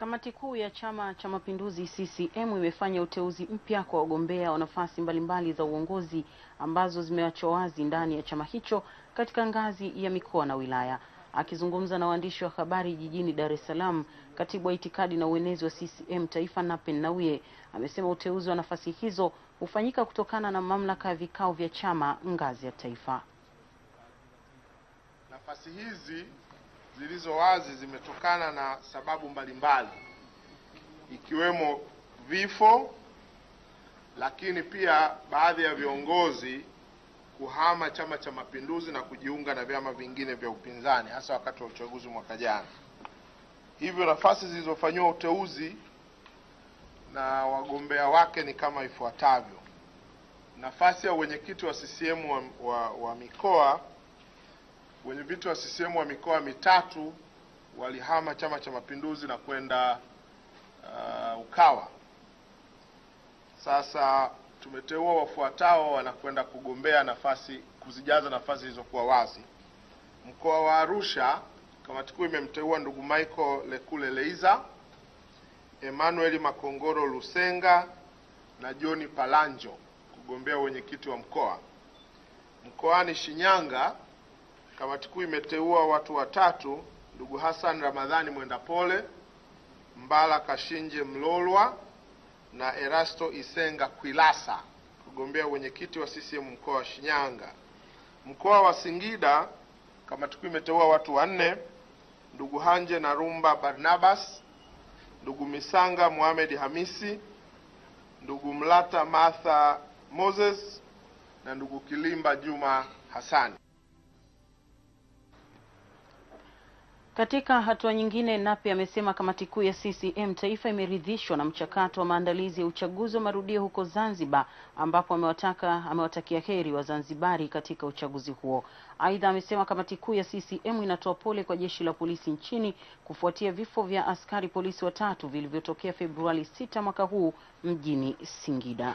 Kamati kuu ya Chama cha Mapinduzi CCM imefanya uteuzi mpya kwa wagombea wa nafasi mbalimbali za uongozi ambazo zimeachwa wazi ndani ya chama hicho katika ngazi ya mikoa na wilaya. Akizungumza na waandishi wa habari jijini Dar es Salaam, katibu wa itikadi na uenezi wa CCM Taifa, Nape Nnauye, amesema uteuzi wa nafasi hizo hufanyika kutokana na mamlaka ya vikao vya chama ngazi ya taifa. Nafasi hizi zilizo wazi zimetokana na sababu mbalimbali ikiwemo vifo, lakini pia baadhi ya viongozi kuhama Chama cha Mapinduzi na kujiunga na vyama vingine vya upinzani hasa wakati wa uchaguzi mwaka jana. Hivyo nafasi zilizofanyiwa uteuzi na wagombea wake ni kama ifuatavyo: nafasi ya uwenyekiti wa CCM wa, wa, wa mikoa Wenyeviti wa CCM wa mikoa mitatu walihama Chama cha Mapinduzi na kwenda uh, Ukawa. Sasa tumeteua wafuatao wanakwenda kugombea nafasi, kuzijaza nafasi zilizokuwa wazi. Mkoa wa Arusha, kamati kuu imemteua ndugu Michael Lekule Leiza, Emmanuel Makongoro Lusenga na John Palanjo kugombea wenyekiti wa mkoa. Mkoani Shinyanga Kamati kuu imeteua watu watatu, ndugu Hassan Ramadhani mwenda pole Mbala Kashinje Mlolwa na Erasto Isenga Kwilasa kugombea wenyekiti wa CCM mkoa wa Shinyanga. Mkoa wa Singida, kamati kuu imeteua watu wanne, ndugu Hanje na Rumba Barnabas, ndugu Misanga Mohamed Hamisi, ndugu Mlata Martha Moses na ndugu Kilimba Juma Hassan. Katika hatua nyingine, Nape amesema kamati kuu ya CCM taifa imeridhishwa na mchakato wa maandalizi ya uchaguzi wa marudio huko Zanzibar, ambapo amewataka amewatakia heri Wazanzibari katika uchaguzi huo. Aidha, amesema kamati kuu ya CCM inatoa pole kwa jeshi la polisi nchini kufuatia vifo vya askari polisi watatu vilivyotokea Februari 6 mwaka huu mjini Singida.